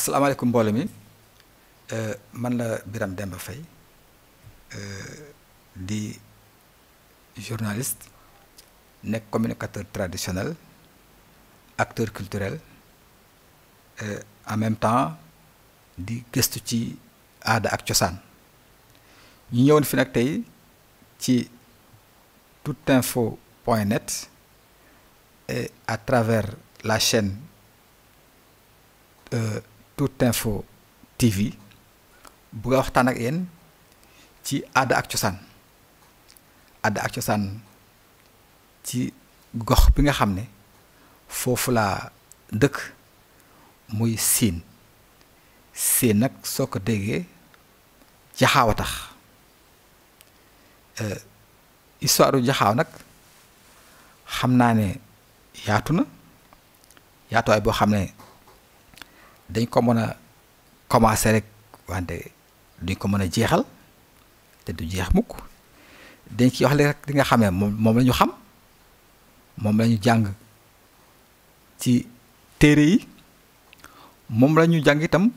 asalaamaaleykum mbooloo mi euh, man la Biram Demba euh di journaliste nek communicateur traditionnel acteur culturel euh, en même temps di gëstu ci ada ak cosaan ñu ñëwoon fi nak tay ci toutinfo et à travers la chaîne. Euh, Toute Info TV bu waxtaan ak yéen ci aada ak cosaan aada ak cosaan ci gox bi nga xam ne foofu laa dëkk muy siin siin nag soo ko déggee jaxaaw a tax euh, histoire jaxaaw nag xam naa ne yaatu na yaatuwaay boo xam ne dañ ko mën a commencé rek wante duñ ko mën a jeexal te du jeex mukk dañ ci wax rek li nga xamee moom moom la ñu xam moom la ñu jàng ci téere yi moom la ñu jàng itam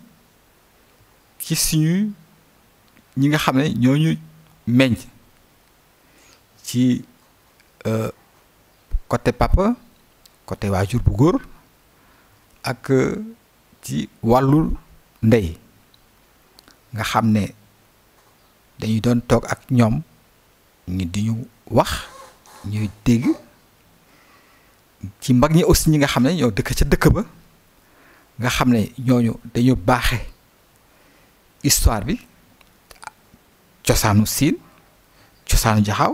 ci suñu ñi nga xam ne ñooñu meññ ci euh, côté papa côté waajur bu góor ak ci wàllul ndey nga xam ne dañuy doon toog ak ñoom ñi di ñu wax ñuy dégg ci mbag ñi aussi ñi nga xam ne ñoo dëkk ca dëkk ba nga xam ne ñooñu dañu baaxe histoire bi cosaanu siin cosaanu jaxaaw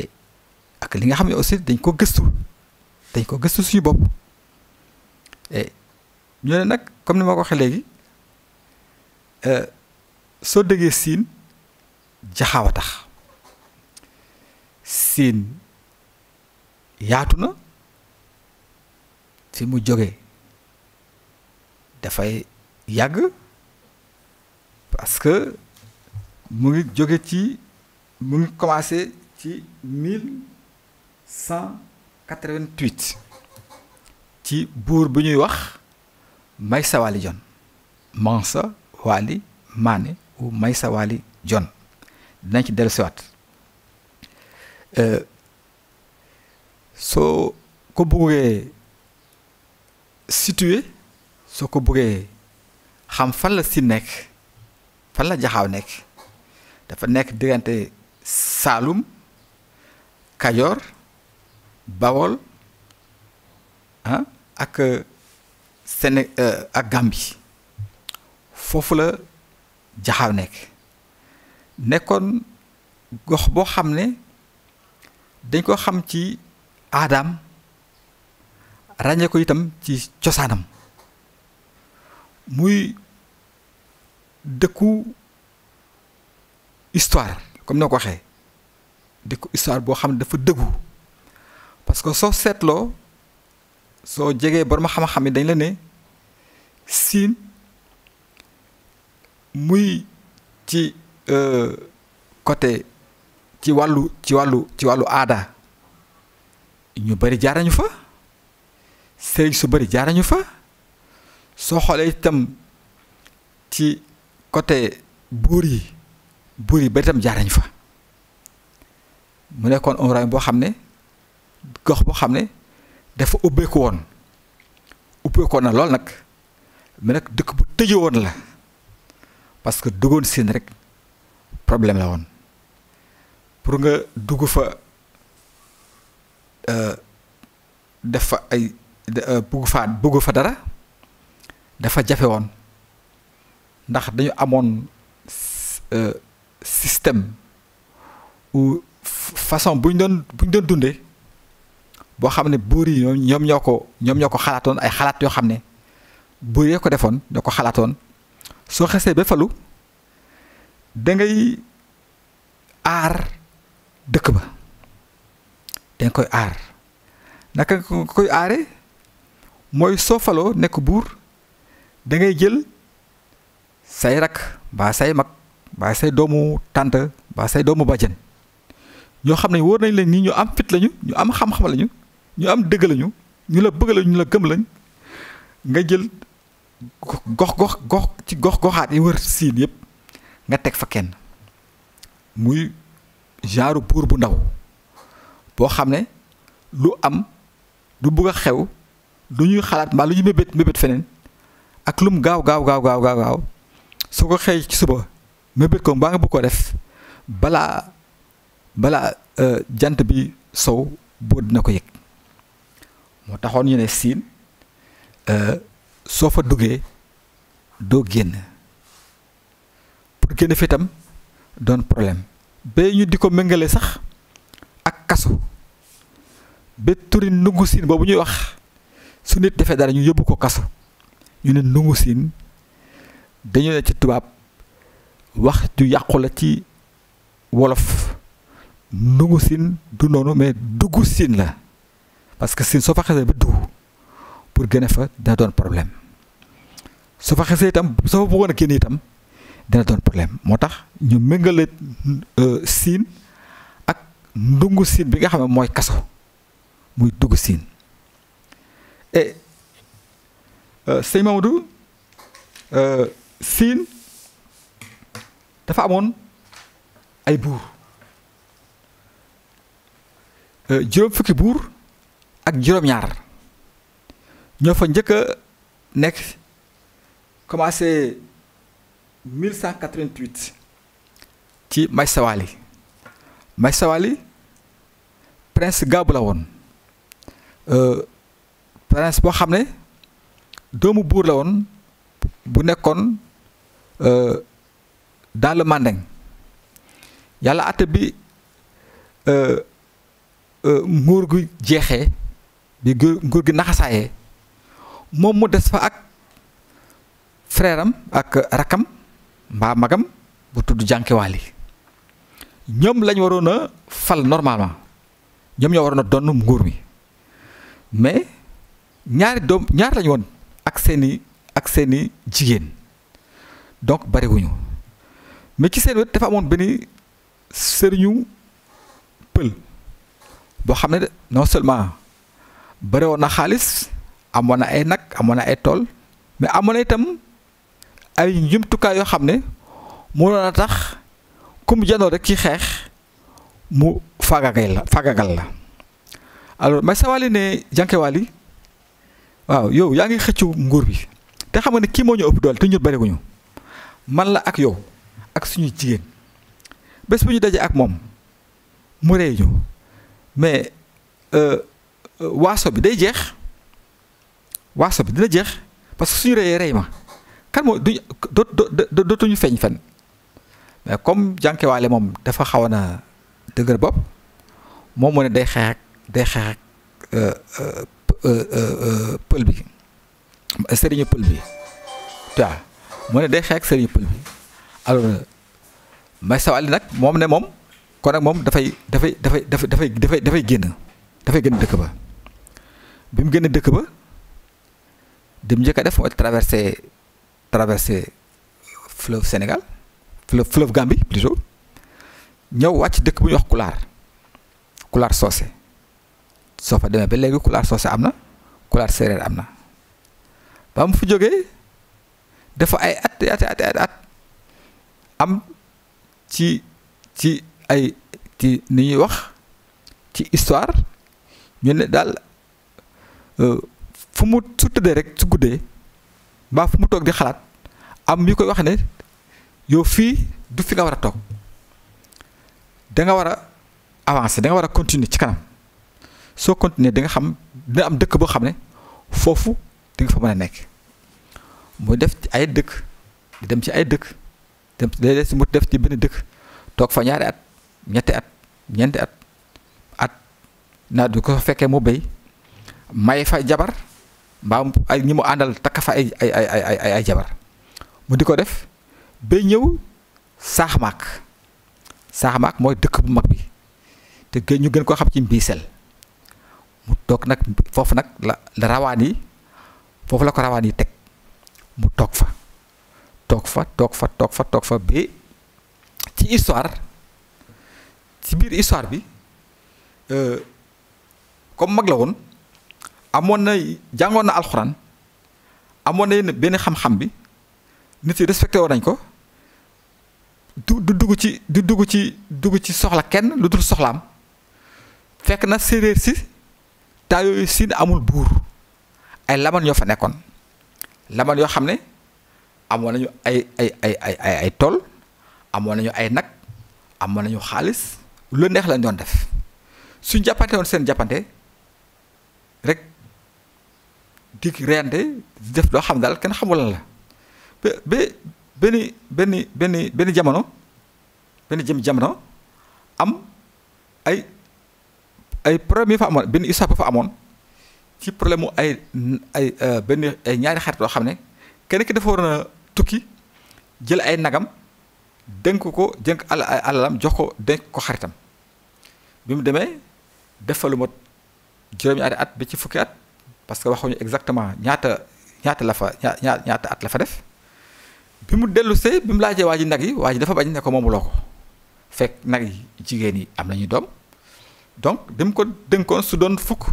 et ak li nga xam ne aussi dañ ko gëstu dañ ko gëstu suñu bopp ñu ne nag comme ni ma ko waxee léegi euh, soo déggee siin jaxaaw a tax siin yaatu na fi mu jógee dafay yàgg parce que mu ngi jóge ci mu ngi commencé ci mille cent quatre-vingt-huit ci buur bi ñuy wax Maïssa Wali John, Mansa Wali Mane ou Maïssa Wali John dinañ ci dellusiwaat euh, soo ko buggee situé, soo ko buggee xam fan la si fan la jaxaw nek dafa nek diggante saloum Kajoor Bawol hein ak. Séné euh, ak gàmbi foofu la jaxaw nekk nekkoon gox boo xam ne dañ koo xam ci aadaam ràññee ko itam ci cosaanam muy dëkku histoire comme na ko waxee dëkku histoire boo xam ne dafa dëggu parce soo seetloo soo jegee borom xam-xam yi dañ la ne siin muy ci euh, côté ci wàllu ci wàllu ci wàllu aada ñu bëri jaarañu fa sëriñ su bëri jaarañu fa soo xoolee itam ci côté buur yi buur yi bëri itam jaarañu fa mu nekkoon un royaume boo xam ne gox boo xam ne dafa ubbeeku woon ubbeeku woon na lool nag mais nag dëkk bu tëje woon la parce que duggoon siin rek problème la woon pour nga dugg fa euh, def fa ay euh, bugg faa bugg fa dara dafa jafe woon ndax dañu amoon euh, système ou façon bu ñu doon bu ñu doon dundee boo xam ne buur yi ñoom ñoo ko ñoom ñoo ko xalaatoon ay xalaat yoo xam ne buur yee ko defoon ñoo ko xalaatoon soo xesee ba falu dangay aar dëkk ba danga koy aar naka nga koy aare mooy soo faloo nekk buur dangay jël say rakk mbaa say mag mbaa say doomu tànt mbaa say doomu bàjjen ñoo xam ne wóor nañ leen nii ñu am fit lañu ñu am xam-xam lañu ñu am dëgg lañu ñu la bëgg lañu ñu la gëm lañ nga jël gox gox gox ci gox goxaat yi wër siin yëpp nga teg fa kenn muy genre buur bu ndaw boo xam ne lu am lu bëgg a xew lu ñuy xalaat mbaa lu ñu mébét mébét feneen ak lum gaaw gaaw gaaw gaaw gaaw gaaw su ko xëy ci suba mébét ko mbaa nga bëgg ko def balaa balaa euh, jant bi sow boo dina ko yëg moo taxoon ñu ne siin euh, soo fa duggee doo génn pour génn fi itam doon problème ba ñu di ko méngalee sax ak kasu ba turi ndungu siin boobu ñuy wax su nit defee dara ñu yóbbu ko kaso ñu ne ndungu siin dañu ne ci tubaab wax ju yàqu la ci wolof ndungu siin du noonu mais dugg siin la parce que si soo fa xasee ba dugg pour gëna fa da doon problème soo fa xasee itam soo bu wona kene itam dina doon problème motax ñu méngale euh, sin ak ndungu sin bi nga xam moy kasso kaso muy dugg siin et euh, sëñ Mamadou euh, sin dafa amone ay euh juróom fukki buur ak juróom-ñaar ñoo fa njëkk a nekk commencé 1188 ci may sawaali may sawaali prince gaabu euh, prince boo xam ne doomu buur la woon bu nekkoon euh, dans le mandeng yàlla àtte bi euh, nguur gu jeexee bi nguur gi naxasaayee moom mu des fa ak frère ak rakam mbaa magam bu tudd jànkewaali ñoom lañ waroon a fal normalement ñoom ñoo waroon a donn nguur mi mais ñaari doom ñaar lañ woon ak seeni ak seeni jigéen donc bariwuñu mais ci seen wet dafa amoon benn sëriñu pël boo xam ne non seulement bëri woon na xaalis amoon na ay nag amoon na ay tool mais amoon na itam ay njumtukaay yoo xam ne mënoon a tax ku mu janoo rek ci xeex mu faagagal la faagagal la alors may sawali ne jànkewaali waaw yow yaa ngi xëccu nguur bi te xam nga ne kii moo ñu ëpp doole te ñun bëriwuñu man la ak yow ak suñuy jigéen bés bu ñu dajee ak moom mu rey ñu mais. Euh, Euh, waaso bi day jeex waaso bi dina jeex parce que suñu reyee rey ma kan moo duñ dootuñu feeñ fen mais comme jànkewaale moom dafa xaw na dëgër bopp moom mu ne day xeex ak day xeex ak euh, euh, pël bi sëriñu pël bi ne day xeex ak sëriñu may sawali nag moom ne moom kon nag moom dafay dafay dafay dafay dafay dafay génn dafay génn dëkk ba bi mu génne dëkk ba dem njëkk a def mooy traversé traversé fleuve Sénégal fleuve fleuve Gambie plutôt ñëw wàcc dëkk bu ñuy wax Kulaar Kulaar Soose soo fa demee ba léegi Kulaar Soose am na Kulaar Séeréer am na ba mu fu jógee dafa ay at at at at am ci ci ay ci ni ñuy wax ci histoire ñu ne daal fu mu su tëddee rek su guddee ba fu mu di xalat am yu koy wax ne yo fi du fi nga wara tok da nga wara avancer da nga wara continuer ci kanam so continuer da nga xam da am dëkk bo xamné ne foofu di nga fa mëna nek nekk def ci ay dëkk di dem ci ay dëkk dem day mu def ci benn dëkk tok fa ñaari at ñetti at ñeenti at at na du ko fekke mu bay may fa jabar ba ay ñi andal tak fa ay ay ay ay ay ay jabar mu diko def be ñew saax maak moy dekk bu mag bi te ge ñu gën ko xam ci mbiisel mu tok nak fofu nak la rawani fofu la ko rawani tek mu tok fa tok fa tok fa tok fa tok fa be ci histoire ci bir histoire bi euh, comme mag la won amoon na jàngoon na alxuraan amoon na yenn benn xam-xam bi nit yi respecté woon nañ ko du dugg ci du dugg ci dugg ci soxla kenn lu dul soxlaam fekk na séeréer si taa yooyu siin amul buur ay laman yoo fa nekkoon laman yoo xam ne amoon nañu ay ay ay ay ay tool amoon nañu ay nag amoon nañu xaalis lu neex lañ doon def suñ jàppante woon seen jàppante rek di reyante di def doo xam daal kenn xamul na la ba ba benn benn benn benn jamono benn jëm jamono am ay ay problème yi fa amoon benn histoire fa amoon ci problème ay ay euh, benn ay ñaari xarit yoo xam ne kenn ki dafa waroon a tukki jël ay nagam dénk ko dénk al alalam jox ko dénk ko xaritam bi mu demee def fa lu juróomi at at ci fukki at. parce que waxuñu exactement ñaata ñaata la fa ñaata at la fa def bi mu dellu see bi mu laajee waa ji nag yi waa ji dafa bañ ne ko moomuloo ko fekk nag yi jigéen yi am nañu doom donc bi mu ko dënkoon su doon fukk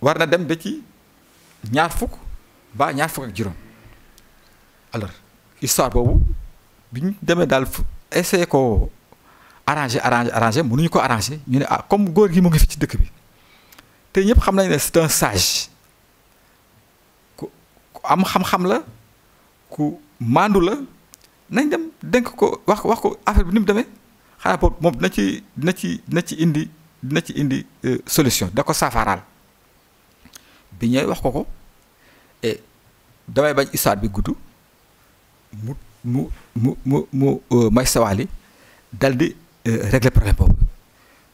war na dem ba ci ñaar fukk ba ñaar fukk ak juróom alors histoire boobu bi ñu demee daal fu essayé ko arrangé arrangé arrangé ñu ko arrangé ñu ne ah comme góor gi mu ngi fi ci dëkk bi. te ñëpp xam nañ ne c'est un sage ku am xam-xam la ku mandu la nañ dem dénk ko wax wax ko affaire bi ni mu demee xanaa boobu moom dina ci dina ci dina ci indi dina ci indi euh, solution da ko saafaraal bi ñooy wax ko ko et damay bañ histoire bi gudd mu mu mu mu mu euh, may sawaali dal di euh, régler problème boobu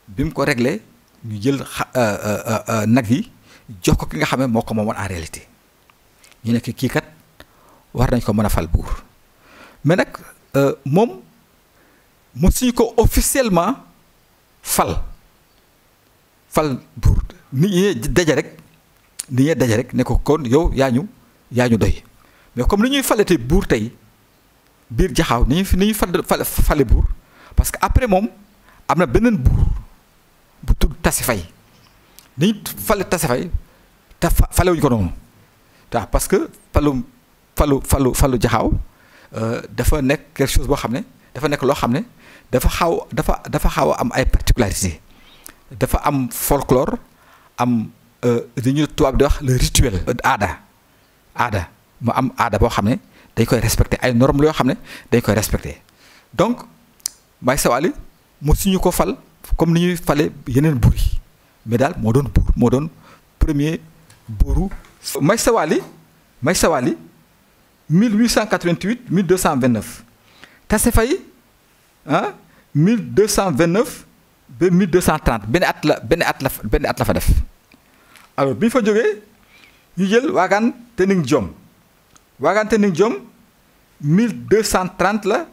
bi mu ko réglé ñu jël xa euh, euh, euh, nag yi jox ko ki nga xam ne moo ko moomoon en réalité ñu nekk kii kat war nañ ko mën a fal buur mais nag moom mosuñu ko officiellement fal fal buur nit ñi daje rek nit ñi daje rek ne ko kon yow yaa ñu yaa ñu doy mais comme ni ñuy falate buur tey biir jaxaaw ni ñuy ni ñuy fal fale buur parce que après moom am na beneen buur. bu tudd tasi fay dañu fale tasi fay te falewuñu ko noonu waaw parce que falu falu falu falu jaxaaw euh, dafa nekk quelque chose boo xam ne dafa nekk loo xam ne dafa xaw dafa dafa xaw a am ay particularité dafa am folklore am euh, li ñu tubaab di wax le rituel aada aada mu am aada boo xam ne dañ koy respecté ay normes yoo xam ne dañ koy respecté donc may sawali mu suñu ko fal comme ni fallait, fale yeneen un bruit. mais là, moo doon buur premier buuru Maïsawali, Wali Wali 1888 1229 Tassé fay hein 1229 ba 1230 ben at la benn at la benn at la fa def alors bi fa jógee ñu jël Wagan, Tening jom Tening 1230 la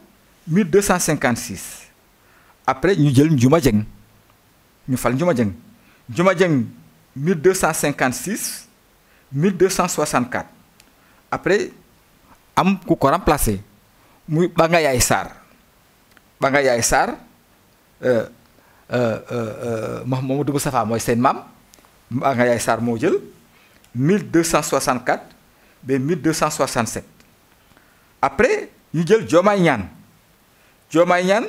1256 après ñu jël Njuma jeng ñu fal Njuma jeng Njuma jeng 1256 1264 après am ku ko remplacer muy Banga Yaay Sarr Banga Yaay Sarr euh, euh, euh, Mahamadou Moustapha mooy seen maam Banga yay sar mo jël 1264 be 1267 après ñu jël jomay Ñaan jomay Ñaan